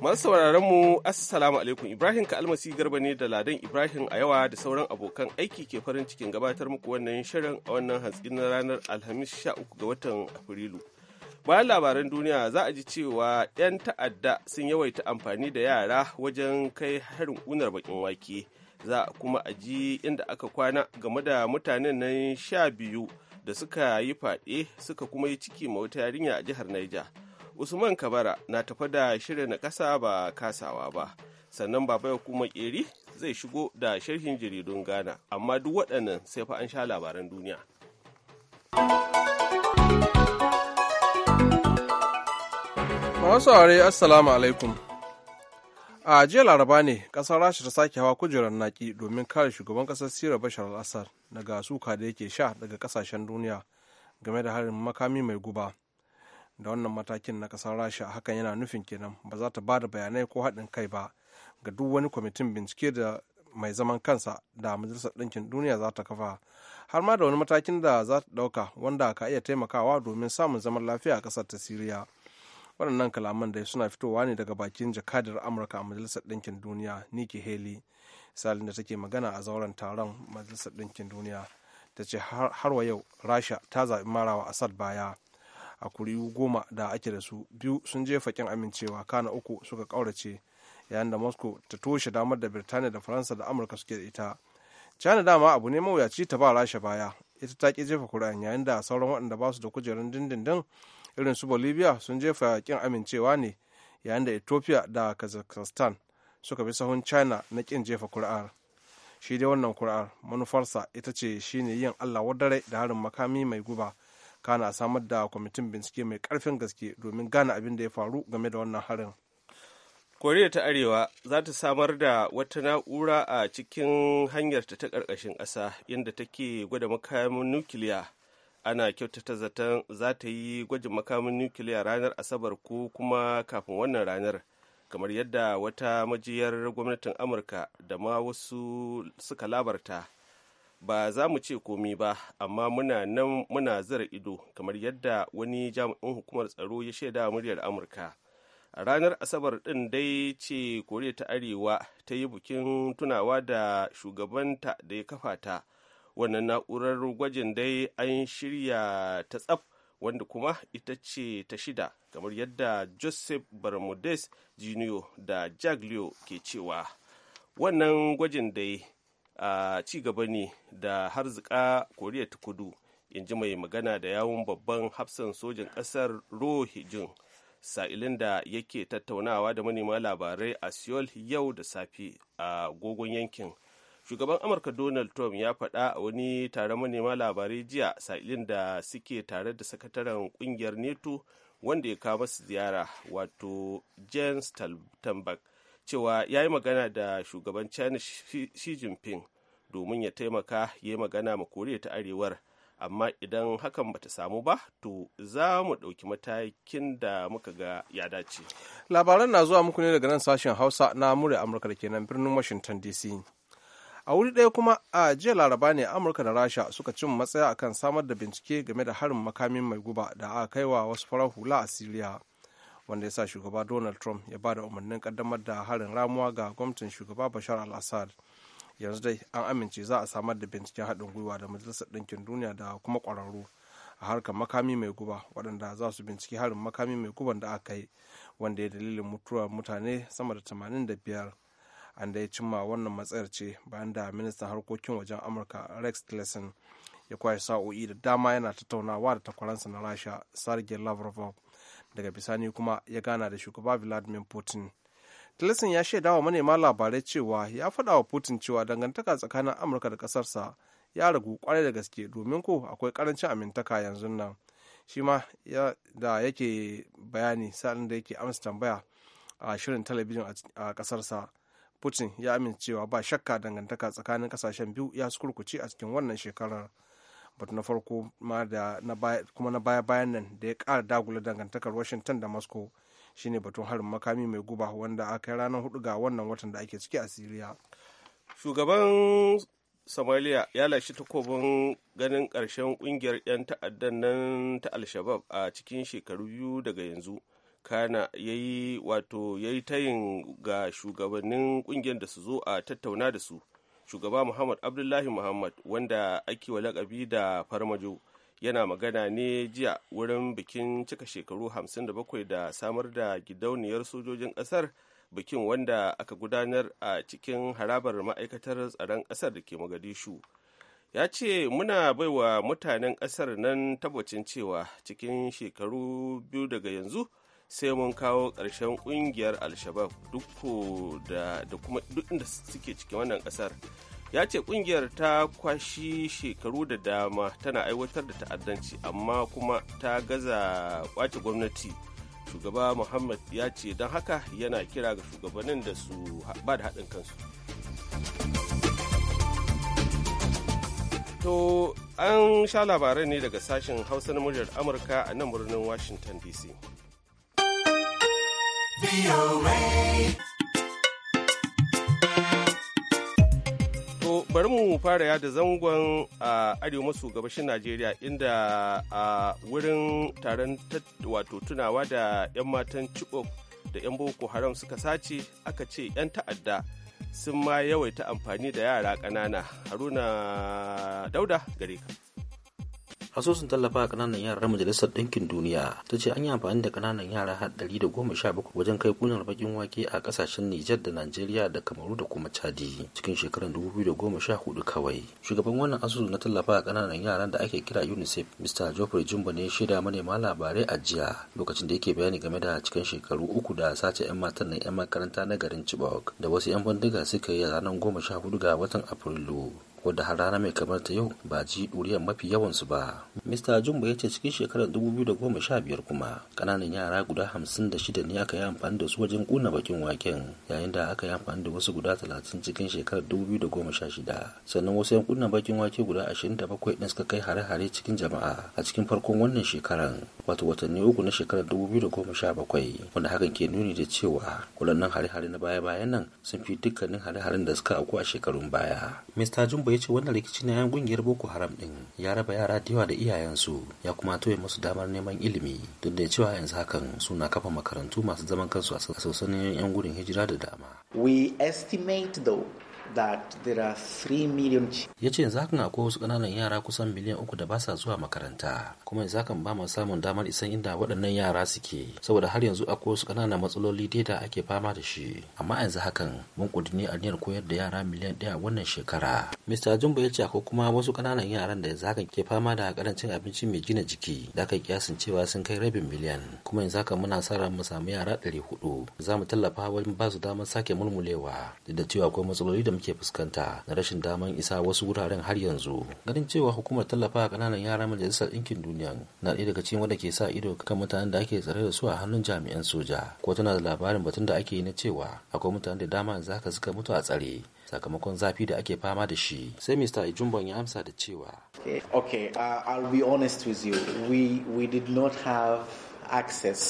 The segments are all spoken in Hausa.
Masu sauraron mu Assalamu alaikum Ibrahim ka garba ne da Ladan Ibrahim a yawa da sauran abokan aiki ke farin cikin gabatar muku wannan shirin a wannan hantsi na ranar Alhamis 13 ga watan Afrilu. Bayan labaran duniya za a ji cewa 'yan ta'adda sun yawaita amfani da yara wajen kai harin unar bakin wake. Za a kuma a ji inda aka kwana game da mutanen nan sha biyu da suka yi fade suka kuma yi ciki ma wata yarinya a jihar Niger. usman kabara na tafi da shirin na ƙasa ba kasawa ba sannan baba ya kuma ƙeri zai shigo da sharhin jaridun ghana amma duk waɗannan sai fa an sha labaran duniya masu aure assalamu alaikum a jiya laraba ne ƙasar rasha ta sake hawa kujerar naki domin kare shugaban ƙasar sira bashar al-assad daga suka da yake sha daga ƙasashen duniya game da harin makami mai guba da wannan matakin na kasar rasha hakan yana nufin kenan ba za ta ba da bayanai ko haɗin kai ba ga duk wani kwamitin bincike da mai zaman kansa da majalisar ɗinkin duniya za ta kafa har ma da wani matakin da za ta ɗauka wanda ka iya taimakawa domin samun zaman lafiya a ƙasar ta siriya waɗannan kalaman dai suna fitowa ne daga bakin jakadar amurka a majalisar ɗinkin duniya niki haley salin da take magana a zauren taron majalisar ɗinkin duniya ta ce har wa yau rasha ta zaɓi marawa asad baya a kuri'u goma da ake da su biyu sun jefa kin amincewa kana uku suka kaurace yayin da moscow ta toshe damar da birtaniya da faransa da amurka suke da ita china dama abu ne mawuyaci ta ba rasha baya ita ta ki jefa kuri'an yayin da sauran waɗanda ba su da kujerun dindindin irin su bolivia sun jefa kin amincewa ne yayin da ethiopia da kazakhstan suka bi sahun china na kin jefa kuri'ar shi dai wannan kuri'ar manufarsa ita ce shine yin allah wadare da harin makami mai guba kana a samar da kwamitin bincike mai karfin gaske domin gane abin da ya faru game da wannan harin koriya ta arewa za ta samar da wata na'ura a cikin hanyarta ta ƙarƙashin ƙasa inda take gwada makamin nukiliya ana kyautata zaton za ta yi gwajin makamin nukiliya ranar asabar ko kuma kafin wannan ranar kamar yadda wata majiyar gwamnatin amurka da ma wasu suka labarta ba za mu ce komi ba amma muna nan muna zira ido kamar yadda wani jami'in hukumar tsaro ya shaida muryar amurka a ranar asabar din dai ce koriya ta arewa ta yi bukin tunawa da shugabanta da ya kafa ta wannan na'urar gwajin dai an shirya ta tsaf wanda kuma ita ce ta shida kamar yadda joseph bermudez jr da jack leo ke cewa wannan gwajin dai A ci gaba ne da harzika koriya ta kudu in ji mai magana da yawun babban hafsan sojin ƙasar rohijin sa'ilin da yake tattaunawa da manema labarai a seoul yau da safe a gogon yankin shugaban amurka donald trump ya faɗa a wani tare manema labarai jiya sa'ilin da suke tare da sakataren ƙungiyar neto wanda ya kawo masu ziyara wato james stoltenberg cewa ya yi magana da shugaban china xi jinping domin ya taimaka ya yi magana ma koriya ta arewar amma idan hakan ba ta samu ba to za mu ɗauki matakin da muka ga ya dace labaran na zuwa muku ne daga nan sashen hausa na mure amurka da kenan birnin washington dc a wuri ɗaya kuma a jiya laraba ne amurka da rasha suka cin matsaya akan samar da bincike game da harin makamin mai guba da aka kai wa wasu farar hula a siriya wanda ya sa shugaba donald trump ya ba da umarnin kaddamar da harin ramuwa ga gwamnatin shugaba bashar al-assad yanzu dai an amince za a samar da binciken haɗin gwiwa da majalisar ɗinkin duniya da kuma ƙwararru a harkar makami mai guba waɗanda za su binciki harin makami mai guban da aka yi wanda ya dalilin mutuwar mutane sama da tamanin da biyar an da ya cimma wannan matsayar ce bayan da ministan harkokin wajen amurka rex tillerson ya kwashe sa'o'i da dama yana tattaunawa da takwaransa na rasha sergei lavrov daga bisani kuma ya gana da shugaba vladimir putin tilisin ya shaida wa manema labarai cewa ya faɗa wa putin cewa dangantaka tsakanin amurka da ƙasarsa ya ragu kwarai da gaske domin ko akwai karancin amintaka yanzu nan shi ma da yake bayani sa'in da yake amsa tambaya a shirin talabijin a ƙasarsa putin ya amincewa ba shakka dangantaka tsakanin ƙasashen biyu ya kurkuce a cikin wannan shekarar batu na farko kuma na baya-bayan nan da ya kara dagula dangantakar washington da moscow shine batun harin makami mai guba wanda aka yi ranar hudu ga wannan watan da ake ciki a syria. shugaban somalia ya lashe takobin ganin karshen kungiyar 'yan ta'addan nan ta al-shabab a cikin shekaru biyu daga yanzu kana ya yi wato ya yi tayin ga shugabannin kungiyar da su zo a tattauna da su shugaba muhammad abdullahi muhammad wanda ake wa lakabi da farmajo yana magana ne jiya wurin bikin cika shekaru 57 da samar da gidauniyar sojojin kasar bikin wanda aka gudanar a cikin harabar ma'aikatar tsaron kasar da ke Magadishu, ya ce muna baiwa mutanen kasar nan tabbacin cewa cikin shekaru biyu daga yanzu sai mun kawo ƙarshen ƙungiyar alshabab duk da kuma inda suke cikin wannan ƙasar ya ce ƙungiyar ta kwashi shekaru da dama tana aiwatar da ta'addanci amma kuma ta gaza kwace gwamnati shugaba muhammad ya ce don haka yana kira ga shugabannin da su ba da haɗin kansu to an sha labarai ne daga sashen hausa na muryar amurka a nan birnin washington dc To bari mu fara yada zangon a arewa maso gabashin Najeriya inda a wurin taron wato tunawa da 'yan matan Chibok da 'yan Boko Haram suka sace aka ce 'yan ta'adda sun ma yawaita amfani da yara ƙanana. Haruna Dauda gare ka. asusun tallafa kananan yara majalisar ɗinkin duniya ta ce an yi amfani da kananan yara har ɗari da goma sha bakwai wajen kai kunar bakin wake a ƙasashen nijar da najeriya da kamaru da kuma chadi cikin shekarar dubu biyu da goma sha hudu kawai shugaban wannan asusun na tallafa kananan yaran da ake kira unicef mr geoffrey jumbo ne shaida manema labarai a jiya lokacin da yake bayani game da cikin shekaru uku da sace 'yan matan nan 'yan makaranta na garin chibok da wasu 'yan bindiga suka yi ranar goma sha hudu ga watan afrilu wadda har rana mai kamar ta yau ba ji ɗuriyar mafi yawansu ba. Mista Jumba ya ce cikin shekarar 2015 kuma ƙananan yara guda 56 ne aka yi amfani da su wajen ƙuna bakin waken yayin da aka yi amfani da wasu guda 30 cikin shekarar 2016 sannan wasu 'yan yankunan bakin wake guda 27 ɗin suka kai hare-hare cikin jama'a a cikin farkon wannan shekarar, wato watanni uku na shekarar 2017 wanda hakan ke nuni da cewa kullannan hare-hare na baya-bayan nan sun fi dukkanin hare-haren da suka auku a shekarun baya. Mista Jumbo Garba ya ce wannan rikici na 'yan kungiyar Boko Haram din ya raba yara da yawa da iyayensu ya kuma toye musu damar neman ilimi duk da cewa yanzu hakan suna kafa makarantu masu zaman kansu a sassanin 'yan gudun hijira da dama. We estimate though that there are 3 ya ce yanzu hakan akwai wasu ƙananan yara kusan miliyan uku da ba sa zuwa makaranta kuma yanzu hakan ba mu samun damar isan inda waɗannan yara suke saboda har yanzu akwai wasu ƙananan matsaloli dai da ake fama da shi amma yanzu hakan mun a niyyar koyar da yara miliyan ɗaya wannan shekara mr jumbo ya ce akwai kuma wasu ƙananan yaran da yanzu hakan ke fama da karancin abinci mai gina jiki da aka kiyasin cewa sun kai rabin miliyan kuma yanzu hakan muna sa ran mu samu yara ɗari hudu za mu tallafa wajen ba su damar sake mulmulewa da cewa akwai matsaloli da muke fuskanta na rashin daman isa wasu wuraren har yanzu ganin cewa hukumar tallafa kananan yara majalisar ɗinkin duniya na ɗaya daga cikin wanda ke sa ido kan mutanen da ake tsare da su a hannun jami'an soja ko tana da labarin batun da ake yi na cewa akwai mutanen da dama za ka suka mutu a tsare sakamakon zafi da ake fama da shi sai mr ijumban ya amsa da cewa okay, eh, okay. Uh, i'll be honest with you we we did not have access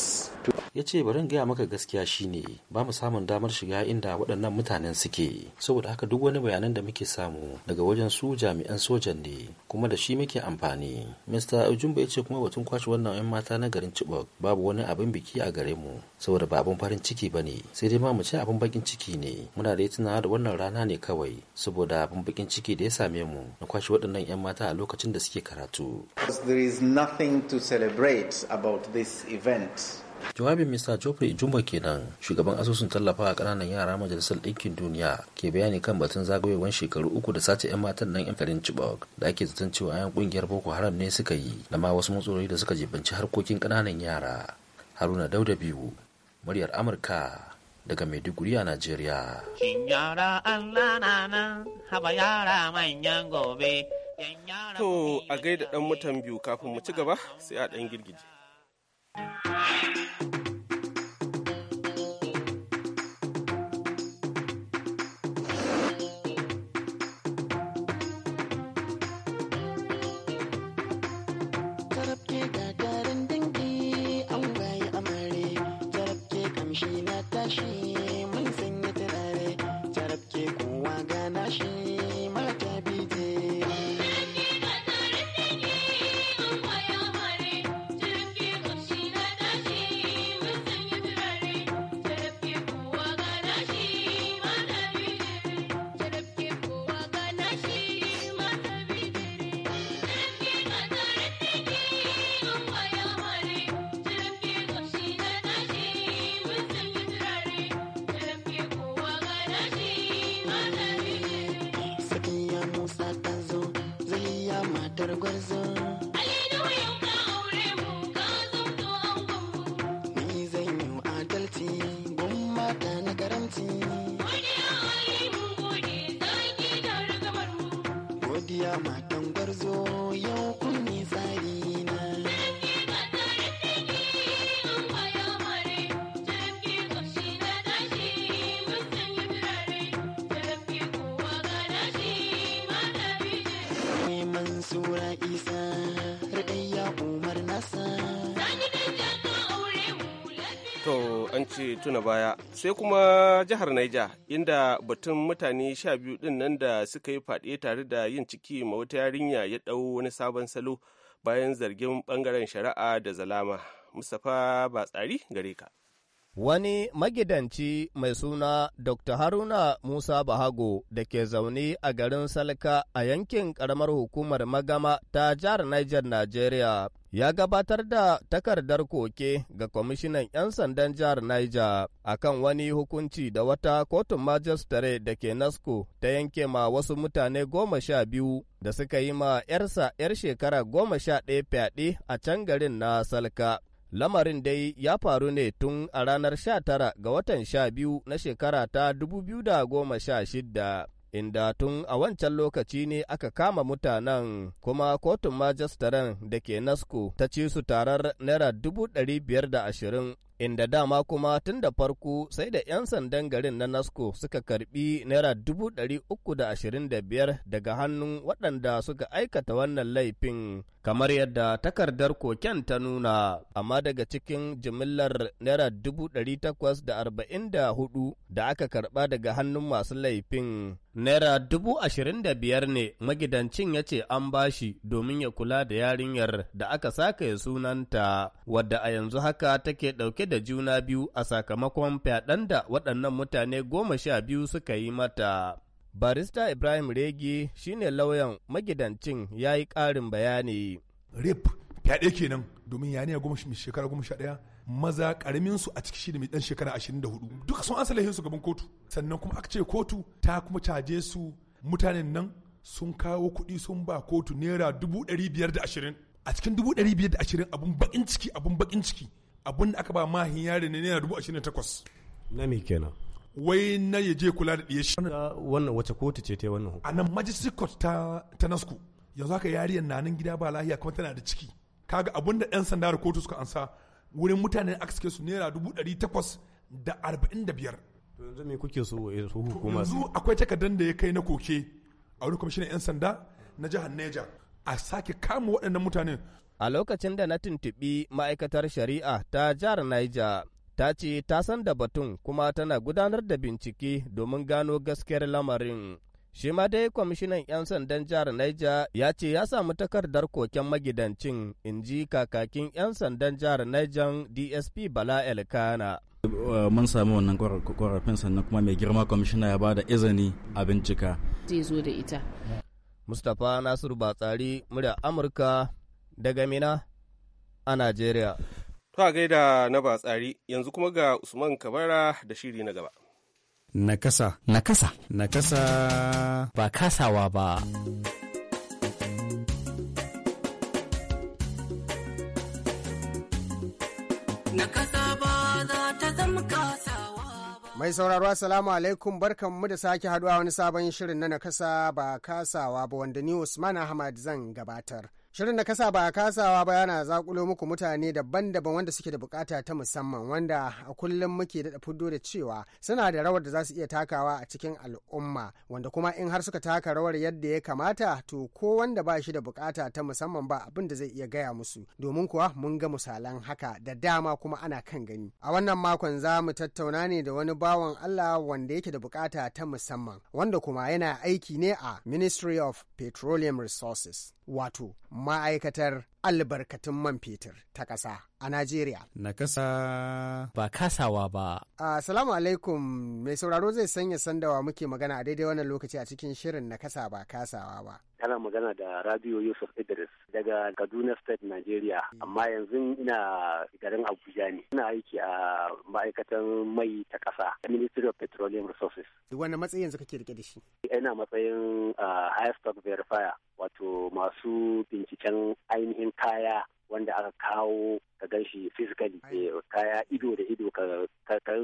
to ya ce bari gaya maka gaskiya shine ba mu samun damar shiga inda waɗannan mutanen suke saboda haka duk wani bayanan da muke samu daga wajen su jami'an sojan ne kuma da shi muke amfani mr ujumba ya ce kuma batun kwashe wannan 'yan mata na garin chibok babu wani abin biki a gare mu saboda ba abin farin ciki ba ne sai dai ma mu ce abin bakin ciki ne muna da tunawa da wannan rana ne kawai saboda abin bakin ciki da ya same mu na kwashe waɗannan 'yan mata a lokacin da suke karatu. There is nothing to celebrate about this event. jawabin mr joffrey jumba kenan shugaban asusun tallafa a kananan yara majalisar ɗinkin duniya ke bayani kan batun zagayowar shekaru uku da sace 'yan matan nan 'yan garin chibok da ake zaton cewa 'yan kungiyar boko haram ne suka yi da ma wasu matsaloli da suka jibanci harkokin kananan yara haruna dauda biyu muryar Amurka daga Maiduguri a Najeriya. Shin yara Allah nan, haba yara manyan gobe. To a gaida ɗan mutan biyu kafin mu ci gaba sai a ɗan girgije. through the good zone. an ce tuna baya sai kuma jihar Naija inda batun mutane sha biyu din nan da suka yi faɗe tare da yin ciki ma wata yarinya ya ɗau wani sabon salo bayan zargin ɓangaren shari'a da zalama. Mustapha tsari gare ka. Wani magidanci mai suna Dr. Haruna Musa Bahago da ke zaune a garin Salka a yankin ƙaramar hukumar Magama ta jihar Niger, Nigeria, ya gabatar da takardar koke ga kwamishinan 'yan sandan jihar Niger akan wani hukunci da wata kotun majistare da ke Nasko ta yanke ma wasu mutane goma sha biyu da suka yi ma 'yarsa 'yar shekara goma sha ɗaya fyaɗe a can garin na Salka. Lamarin dai ya faru ne tun a ranar 19 ga watan 12 na shekara ta 2016 inda tun a wancan lokaci ne aka kama mutanen kuma kotun majistaren da ke Nasko ta ci su tarar naira 520 inda dama kuma tun da farko sai da 'yan sandan garin na NASCO suka karbi naira 325 daga hannun waɗanda suka aikata wannan laifin kamar yadda takardar koken ta nuna amma daga cikin jimillar naira 844 da aka karba daga hannun masu laifin naira 25,000 ne magidancin ya ce an bashi domin ya kula da yarinyar da aka saka sunanta wadda a yanzu haka take ɗauke da juna biyu a sakamakon fyaɗen da waɗannan mutane goma sha biyu suka yi mata. Barista Ibrahim Regi shine lauyan magidancin ya yi ƙarin bayani. Rip fyaɗe kenan domin ya ne goma shekara goma sha ɗaya maza ƙaramin su a ciki shi da mai dan shekara ashirin da hudu duka sun ansa laihin su gaban kotu sannan kuma aka ce kotu ta kuma caje su mutanen nan sun kawo kuɗi sun ba kotu naira dubu ɗari biyar da ashirin a cikin dubu ɗari biyar da ashirin abun baƙin ciki abun baƙin ciki abin da aka ba mahin yari ne yana dubu ashirin da takwas na me kenan wai na ya je kula da ɗiye shi wannan wace kotu ce ta wannan a nan majestic kot ta ta nasku yanzu haka yariyar na nan gida ba lahiya kuma tana da ciki kaga abin da ɗan sanda da kotu suka ansa wurin mutanen aka suke su naira dubu ɗari takwas da arba'in da biyar yanzu me kuke so eh, su hukuma yanzu akwai takardar da ya kai na koke a wurin kwamishinan yan sanda na jihar Neja a sake kama waɗannan mutanen a lokacin da na tuntuɓi ma'aikatar shari'a ta jihar Naija ta ce ta san da batun kuma tana gudanar da bincike domin gano gaskiyar lamarin. Shi ma dai kwamishinan 'yan sandan jihar Naija ya ce ya samu takardar koken magidancin in ji kakakin 'yan sandan jihar Naija DSP Bala Elkana. Uh, mun sami wannan korafin sannan kuma mai girma kwamishina ya ba da izini a bincika. Mustapha Nasiru Batsari, murya Amurka daga Mina a Najeriya. To a gaida na ba tsari, yanzu kuma ga Usman Kabara da shiri na gaba. Nakasa. Nakasa. Nakasa. Ba kasawa ba. kasa ba za ta zama kasawa ba. Mai sauraro Assalamu alaikum barkanmu da sake haduwa wani sabon shirin na nakasa ba kasawa ba wanda ni Usman Ahmad zan gabatar. Shirin da kasa ba a kasawa ba yana zakulo muku mutane daban-daban wanda suke da bukata ta musamman wanda a kullum muke da fuddo da cewa suna da rawar da za su iya takawa a cikin al'umma wanda kuma in har suka taka rawar yadda ya kamata to ko wanda ba shi da bukata ta musamman ba abin da zai iya gaya musu domin kuwa mun ga misalan haka da dama kuma ana kan gani. A wannan makon za mu tattauna ne da wani bawan Allah wanda yake da bukata ta musamman wanda kuma yana aiki ne a Ministry of Petroleum Resources. wato ma'aikatar albarkatun man fetur ta kasa a Najeriya. Na kasa ba kasawa ba. Assalamu alaikum mai sauraro zai sanya sandawa muke magana a daidai wannan lokaci a cikin shirin na kasa ba kasawa ba. Kana magana da Radio Yusuf Idris daga Kaduna State Najeriya mm. amma yanzu ina garin Abuja ne. Ina aiki a ma'aikatan mai ta ƙasa Ministry of Petroleum Resources. Wani matsayin yanzu kake rike da shi? Ina matsayin ah, High Stock Verifier. wato masu binciken ainihin kaya wanda aka kawo ka gan shi physically eh, kaya ido da ido ka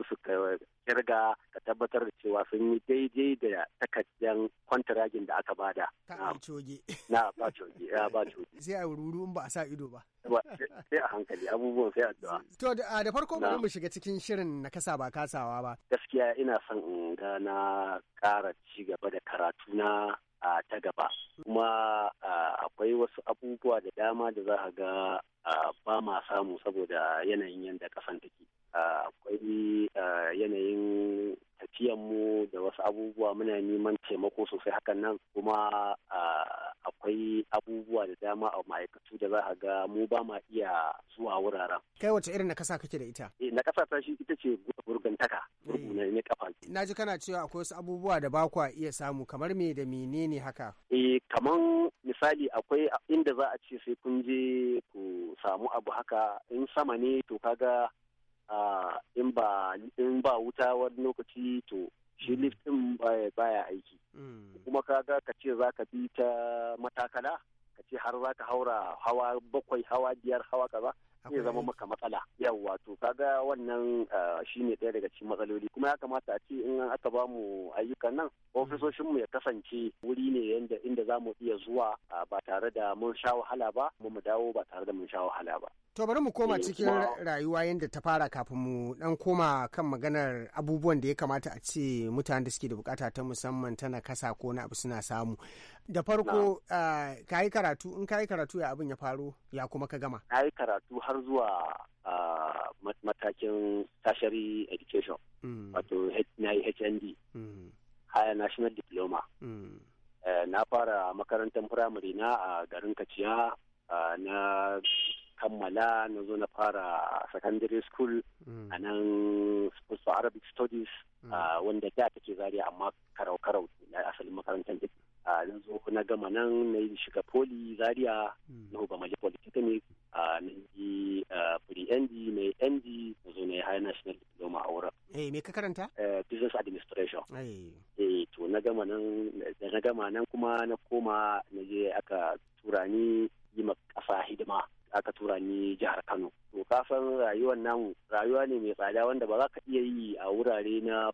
su ka kirga ka tabbatar da cewa sun yi daidai da takaddan kwantaragin da aka bada na ba coge ya ba coge sai a ruru ba a sa ido ba sai a hankali abubuwan sai a addu'a to da farko bari mu shiga cikin shirin na kasa ba kasawa ba gaskiya ina son in ga na ƙara ci gaba da karatu na ta gaba kuma akwai wasu abubuwa da dama da za a ga ba ma samu saboda yanayin yadda kasan take akwai yanayin tafiyanmu da wasu abubuwa muna neman taimako sosai hakan nan kuma akwai abubuwa da dama a ma'aikatu da za a ga mu ba ma iya zuwa wuraren. Kai wace irin na kasa kake da ita? Eh, na kasa ta shi ita ce kafa eh. Na ji kana cewa akwai wasu abubuwa da ba kwa iya samu kamar me da menene haka? eh kaman misali akwai inda za a ce sai kun je ku samu abu haka in sama ne to kaga in ba in ba wuta wani lokaci to shi mm. lift din baya aiki mm. kuma kaga ka ce za ka bi ta matakala ka ce har za ka haura hawa bakwai hawa biyar hawa kaza zai zama maka matsala yawa to kaga wannan eh, shine ɗaya daga cikin matsaloli kuma ya kamata a ce in aka ba mu ayyukan nan hmm. ofisoshin mu ya kasance wuri ne yanda inda za mu iya zuwa ah, ba tare da mun sha wahala ba mu dawo ba tare da mun sha wahala ba To bari mu koma eh, cikin rayuwa yadda ta fara kafin mu dan koma kan maganar abubuwan da ya kamata a ce mutanen da suke da bukata ta musamman tana kasa ko na abu suna samu. Da farko ka yi karatu in ka yi karatu ya abin ya faro ya kuma ka gama. Na yi karatu har zuwa matakin tertiary education mm. wato na yi HND mm. higher national diploma. Mm. Eh, na fara makarantar primary na a garin Kaciya na kammala na zo na fara secondary school mm. a nan sports arabic studies mm. wanda da take zaria amma karau karau na asalin makarantar da na zo na gama nan na yi shiga poli zaria mm. na huba mali polytechnic na yi pre-nd na yi nd na zo na yi high national diploma a wurin eh me ka karanta business administration eh. eh to na gama nan da na gama nan kuma na koma na je aka tura ni yi ma ƙasa hidima aka tura ni jihar Kano. To kafin rayuwar namu rayuwa ne mai tsada wanda ba za ka iya yi a wurare na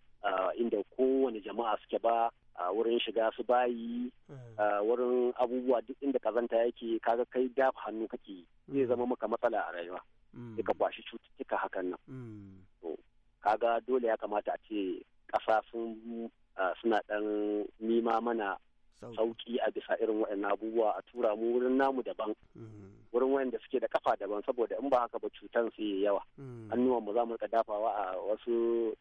inda kowane jama'a suke ba a wurin shiga su bayi a wurin abubuwa duk inda kazanta yake kaga kai dafa hannu kake zai zama maka matsala a rayuwa. Mm. ka kwashi cututtuka hakan nan. Mm. To kaga dole ya kamata a ce ƙasa sun suna ɗan nima mana sauki a bisa irin waɗannan abubuwa a tura mu wurin namu daban mm-hmm. wurin wayanda suke da kafa daban saboda in ba haka ba cutan su yi yawa mm-hmm. hannuwan mu za mu dafawa a wasu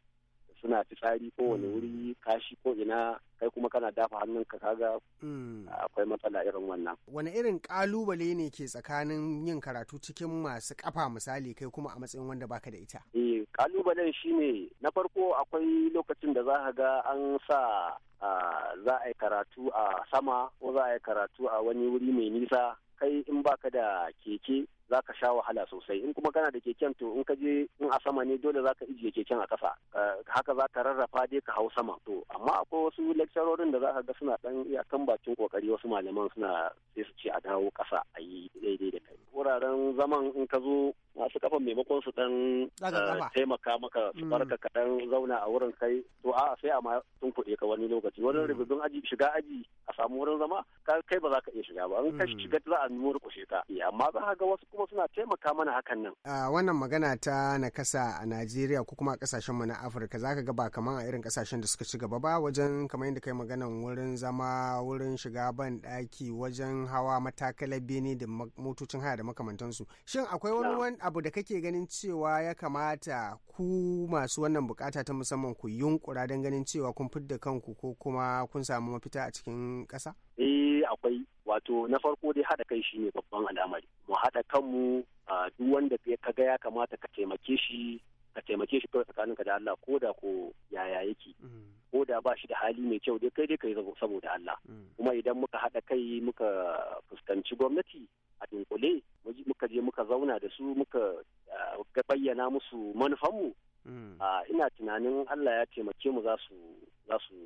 suna fitsari ko wani mm. wuri kashi ko ina kai kuma kana dafa hannun hannunka kaga mm. akwai matsala irin wannan wani irin kalubale ne ke tsakanin yin karatu cikin masu kafa misali kai kuma a matsayin wanda baka da ita eh kalubalen shine na farko akwai lokacin da za ka ga an sa za a yi karatu a sama ko za a yi karatu a wani wuri mai nisa kai in baka da keke za ka sha wahala sosai in kuma kana da keken to in ka je in a sama ne dole za ka ijiye keken a kasa. Eh, haka za ka rarrafa dai ka hau sama to amma akwai wasu lecturerin da za ka ga suna dan iyakan bakin kokari wasu malaman suna sai su ce a dawo kasa. a yi daidai da kai wuraren zaman in ka zo masu kafan maimakon su dan eh, taimaka maka su mm. barka ka dan zauna a wurin kai to a'a sai a ma sun kuɗe ka wani lokaci wani mm. rubutun aji shiga aji a samu wurin zama kai ba za ka iya shiga ba in ka mm. shiga za a nuna rukushe ka eh, amma za ka ga wasu kuma suna taimaka mana hakan nan. Uh, wannan magana ta nakasa a Najeriya ko kuma a kasashen mu na Afirka zaka ga ba kamar a irin kasashen da suka ci gaba ba wajen kamar yadda kai maganan wurin zama wurin shiga ban daki wajen hawa matakala bene da motocin haya da makamantansu. Shin akwai wani no. abu da kake ganin cewa ya kamata ku masu wannan bukata ta musamman ku yunkura don ganin cewa kun fidda kanku ko kuma kun samu mafita a cikin kasa. Eh, akwai wato na farko dai haɗa kai shi ne babban al'amari mu haɗa kanmu duk wanda ka ga ya kamata ka taimake shi ka taimake shi kawai tsakaninka da Allah ko da ko yaya yake mm. ko da ba shi da hali mai kyau dai kai dai kai saboda Allah mm. kuma idan muka haɗa kai muka fuskanci gwamnati a dunkule muka je muka zauna da su muka bayyana musu manufanmu mm. ina tunanin Allah ya taimake mu za su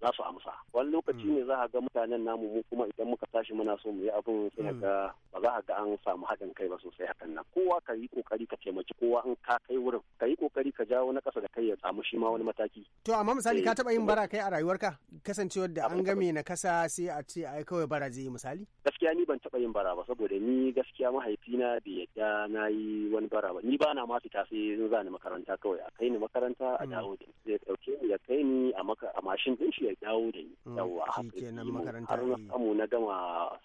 za su amsa wani lokaci hmm. ne za a ga mutanen namu mu kuma idan muka tashi muna so mu yi abin sai hmm. ga ba za a ga an samu haɗin kai ba sosai hakan nan kowa ka yi kokari ka taimaki kowa in ka kai wurin ka yi kokari ka jawo na ƙasa da kai ya samu shi ma wani mataki to amma misali ka eh, taɓa yin bara kai a rayuwarka kasancewar da an game na kasa sai a ce ai kawai bara zai yi misali gaskiya ni ban taɓa yin bara ba saboda ni gaskiya mahaifina bai yadda na yi wani bara ba ni ba na ma fita sai zan ni makaranta kawai a kai ni makaranta a hmm. dawo da ya ɗauke ni ya kai ni a mashin ɗin shi ya dawo da ni mm, yawa har na samu na gama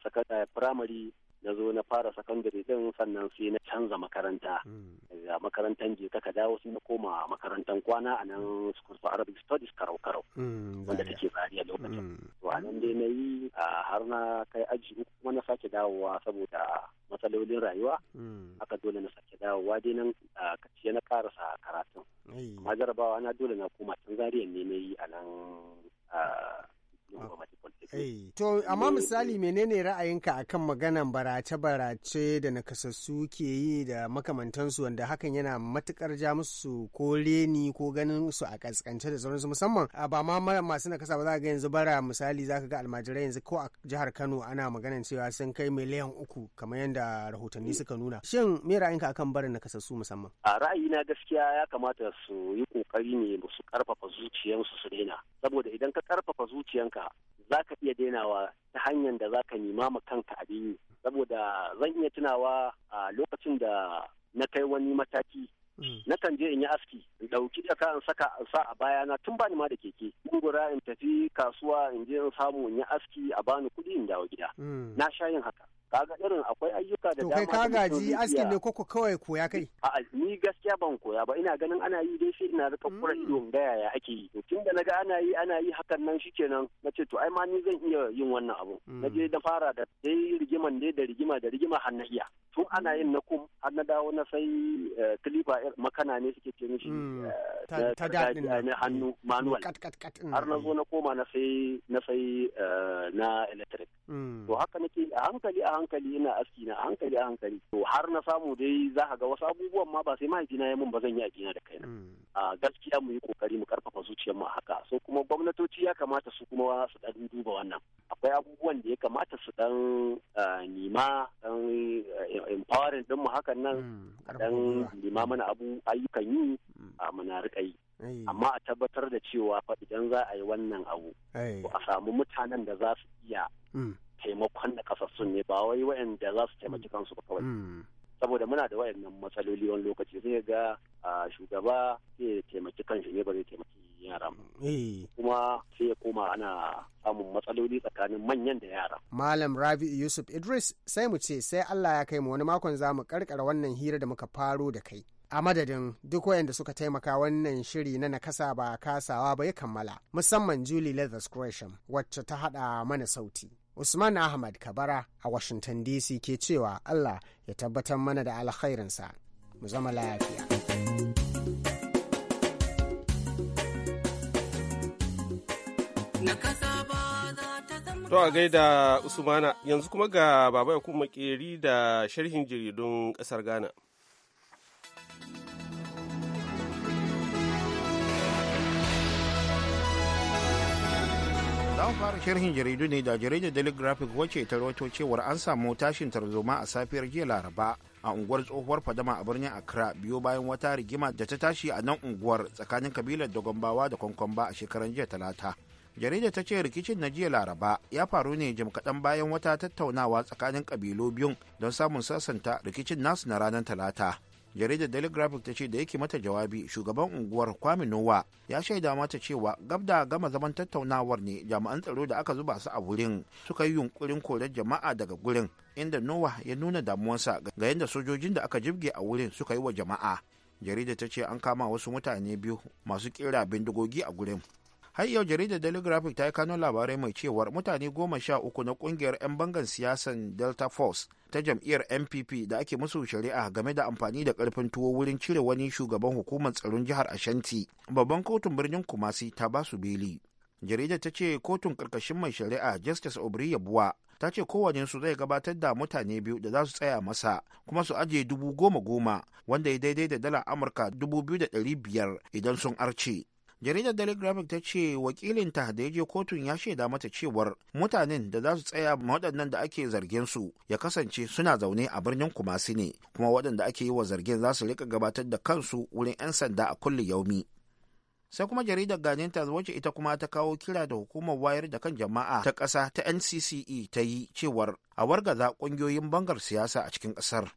firamare na zo na fara sakandare din sannan sai na canza makaranta mm. Ga makarantar je ka dawo sai na koma makarantar kwana a nan school for arabic studies karau karau mm, wanda take zariya lokacin to a nan dai na yi har na kai aji uku kuma na sake dawowa saboda matsalolin rayuwa hmm. haka dole na sake dawowa dai nan a kaciya na karasa karatun amma jarabawa na dole na koma can zariyan ne na yi a nan Ah, to, amma misali menene ra'ayinka akan maganan barace-barace da nakasassu ke yi da makamantansu wanda hakan yana matukar ja musu ko reni ko ganin su a kaskance da sauransu musamman ah, ba ma masu nakasa ba za ga yanzu bara misali za ka ga almajirai yanzu ko a jihar Kano ana maganan cewa sun kai miliyan uku kamar yadda rahotanni mm. suka nuna. Shin me ra'ayinka akan barin nakasassu musamman? A ra'ayina gaskiya ya kamata su yi kokari ne su karfafa zuciyansu su daina saboda idan ka karfafa zuciyanka ka za ka iya dainawa ta hanyar da za ka nima ma kanka a yi saboda zan iya tunawa a lokacin da na kai wani mataki mm. na kan je in yi aski in ɗauki jaka in saka in sa a na tun bani ma da keke gura in tafi kasuwa in je in samu in yi aski a bani kuɗi in dawo gida mm. na sha yin haka kaga irin akwai ayyuka da dama to kai ka gaji askin ne koko kawai koya kai a ni gaskiya ban koya ba ina ganin ana yi dai shi ina rika kura mm. ido ga yaya ake yi tun da naga ana yi ana yi hakan nan shikenan nace to ai ma ni zan iya yin wannan abu mm. naje da fara da dai rigiman dai da rigima da rigima har na iya tun ana yin na kum har na dawo na sai kilifa eh, eh, makana ne suke ce mishi mm. eh, ta dadin na hannu manual har na zo na koma na sai na sai na electric to haka nake a hankali a hankali hankali ina aski na hankali a hankali to har na samu dai za ka ga wasu abubuwan ma ba sai mahaifina ya mun ba zan yi a da kaina hmm. a gaskiya mu yi kokari mu karfafa zuciyar mu haka so kuma gwamnatoci ya kamata su kuma su dan duba wannan akwai abubuwan da ya kamata su dan nima dan eh, empowering din mu hakan nan hmm, dan nima mana abu ayyukan yi hmm. a muna rika yi amma a tabbatar da cewa fa idan za a yi wannan abu a samu mutanen da za su iya taimakon da kasassun ne ba wai wa'anda za su taimaki kansu ba kawai hmm. saboda muna da wayannan matsaloli wani lokaci zai ga shugaba zai taimaki kanshi ne ba zai taimaki yara eh. kuma sai ya koma ana samun matsaloli tsakanin manyan da yara malam rabi yusuf idris sai mu ce sai allah ya kai mu wani makon za mu karkara wannan hira da muka faro da kai a madadin duk wayanda suka taimaka wannan shiri na nakasa ba kasawa ba ya kammala musamman julie leathers croatian wacce ta hada mana sauti Usman Ahmad Kabara a Washington DC ke cewa Allah ya tabbatar mana da alkhairinsa. Mu zama lafiya. To a gaida Usmana yanzu kuma ga Baba Yakubu keri da sharhin jaridun ƙasar Ghana. za mu fara sharhin jaridu ne da jaridar daily graphic wacce ta rawaito cewar an samu tashin tarzoma a safiyar jiya laraba a unguwar tsohuwar fadama a birnin accra biyo bayan wata rigima da ta tashi a nan unguwar tsakanin kabilar dogonbawa da kwankwamba a shekaran jiya talata jaridar ta ce rikicin na jiya laraba ya faru ne jim kaɗan bayan wata tattaunawa tsakanin kabilu biyun don samun sassanta rikicin nasu na ranar talata jaridar daily graphic ta ce da yake mata jawabi shugaban unguwar kwami nowa ya shaida mata cewa gab da gama zaman tattaunawar ne jami'an tsaro da aka zuba su a wurin suka yi yunkurin korar jama'a daga gurin inda nowa ya nuna damuwarsa ga yadda sojojin da aka jibge a wurin suka yi wa jama'a jaridar ta ce an kama wasu mutane biyu masu kera bindigogi a gurin har yau jaridar daily graphic ta yi kano labarai mai cewar mutane goma sha uku na kungiyar 'yan bangan siyasan delta force ta jam'iyyar npp da ake musu shari'a game da amfani da karfin tuwo wurin cire wani shugaban hukumar tsaron jihar ashanti babban kotun birnin kumasi ta ba su beli jaridar ta ce kotun karkashin mai shari'a justice obri yabuwa ta ce kowane su zai gabatar da mutane biyu da za su tsaya masa kuma su ajiye dubu goma goma wanda ya daidai da dala amurka dubu biyu da ɗari biyar idan sun arce jaridar daily graphic ta ce wakilinta da ya je kotun ya shaida mata cewar mutanen da za su tsaya waɗannan da ake zargin su ya kasance suna zaune a birnin kumasi ne kuma waɗanda ake yi wa zargin za su rika gabatar da kansu wurin 'yan sanda a kulli yaumi sai kuma jaridar ganin ta wacce ita kuma ta kawo kira da hukumar wayar da kan jama'a ta ƙasa ta ncce ta yi cewar a wargaza ƙungiyoyin bangar siyasa a cikin ƙasar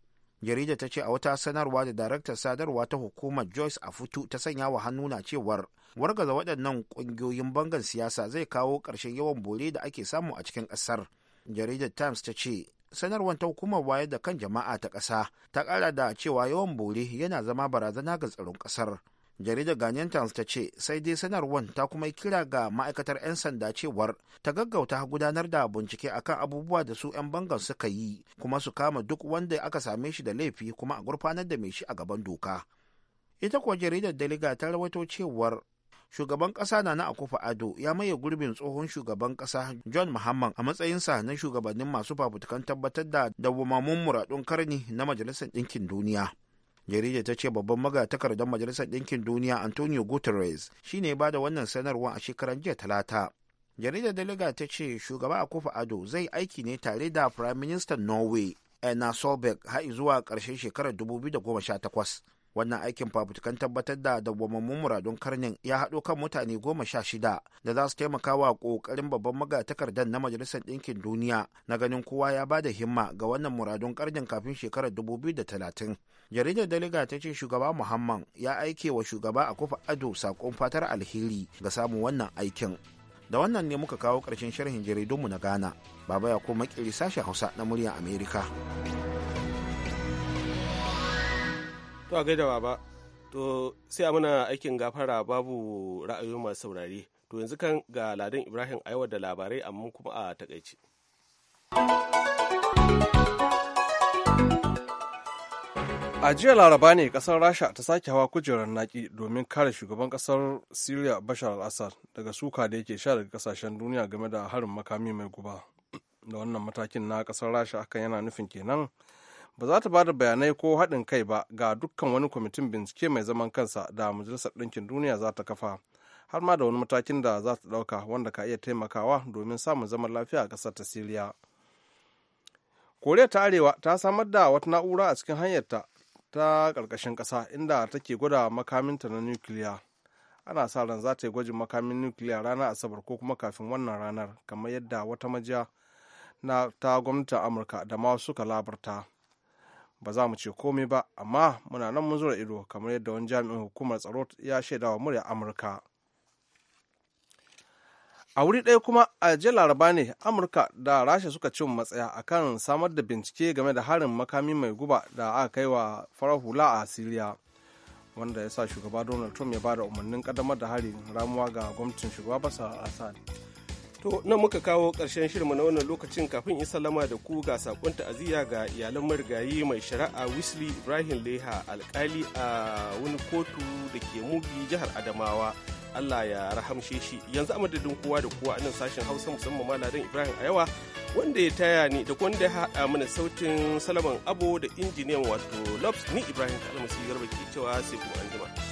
jarida ta ce a wata sanarwa da daraktar sadarwa ta hukumar joyce a futu ta sanya wa hannu na cewar wargaza waɗannan ƙungiyoyin bangan siyasa zai kawo ƙarshen yawan bore da ake samu a cikin ƙasar jaridar times ta ce sanarwar ta hukumar wayar da kan jama'a ta ƙasa ta ƙara da cewa yawan bore yana zama barazana ga tsaron ƙasar jaridar ganyen times ta ce sai dai sanarwar ta kuma kira ga ma'aikatar 'yan sanda cewar ta gaggauta gudanar da bincike akan abubuwa da su 'yan bangar suka yi kuma su kama duk wanda aka same shi da laifi kuma a gurfanar da mai shi a gaban doka ita kuwa jaridar daliga ta rawaito cewar shugaban kasa na na akufa ado ya maye gurbin tsohon shugaban kasa john muhammad a matsayinsa na shugabannin masu fafutukan tabbatar da dawwamamun muradun karni na majalisar ɗinkin duniya jaridar ta ce babban magatakardar majalisar ɗinkin duniya antonio guterres shine ba bada wannan sanarwa a shekaran jiya talata jaridar daliga ta ce shugaba a akufa ado zai aiki ne tare da prime minister norway erna solberg har zuwa ƙarshen shekarar 2018 wannan aikin fafutukan tabbatar da dawwamammun muradun karnin ya haɗo kan mutane goma sha shida da za su taimaka wa ƙoƙarin babban magatakardar na majalisar ɗinkin duniya na ganin kowa ya bada himma ga wannan muradun karnin kafin shekarar 2030 jaridar daliga ta ce shugaba muhammad ya aike wa shugaba a kufa ado sakon fatar alheri ga samun wannan aikin da wannan ne muka kawo ƙarshen sharhin jaridunmu na ghana baba ya kuma makiri sashen hausa na muryar america to a gaida baba to sai a muna aikin gafara babu ra'ayoyin masu saurari to yanzu kan ga ladin ibrahim aiwa da labarai amma kuma a takaice a jiya laraba ne kasar rasha ta sake hawa kujerar naki domin kare shugaban kasar syria bashar al-assad daga suka da yake sha daga kasashen duniya game da harin makami mai guba da wannan matakin na kasar rasha hakan yana nufin kenan ba za ta ba da bayanai ko haɗin kai ba ga dukkan wani kwamitin bincike mai zaman kansa da majalisar ɗinkin duniya za ta kafa har ma da wani matakin da za ta ɗauka wanda ka iya taimakawa domin samun zaman lafiya a ƙasar ta syria. koriya ta arewa ta samar da wata na'ura a cikin hanyarta ta ƙarƙashin ƙasa inda take gwada makaminta na nukiliya ana sa ran za ta yi gwajin makamin nukiliya ranar asabar ko kuma kafin wannan ranar kamar yadda wata majiya na ta gwamnatin amurka da ma suka labarta ba za mu ce komai ba amma muna nan mun zura ido kamar yadda wani jami'in hukumar tsaro ya shaidawa murya amurka a wuri ɗaya kuma a jiya laraba ne amurka da rasha suka cin matsaya a kan samar da bincike game da harin makami mai guba da aka kai wa farar hula a siriya wanda ya sa shugaba donald trump ya bada umarnin kaddamar da harin ramuwa ga gwamnatin shugaba basa assad to nan muka kawo ƙarshen shirma na wannan lokacin kafin in salama da ku ga sakon ta'aziyya ga iyalan marigayi mai shari'a wisley ibrahim leha alkali a wani kotu da ke mugi jihar adamawa Allah ya rahamshe shi yanzu a madadin kowa da kowa nan sashen Hausa musamman malamin Ibrahim Ayawa wanda ya taya ni da wanda ya haɗa mana sautin Salaman Abo da injiniyan wato Lobs ni Ibrahim Kalmasi Garba ke cewa sai kuma anjima.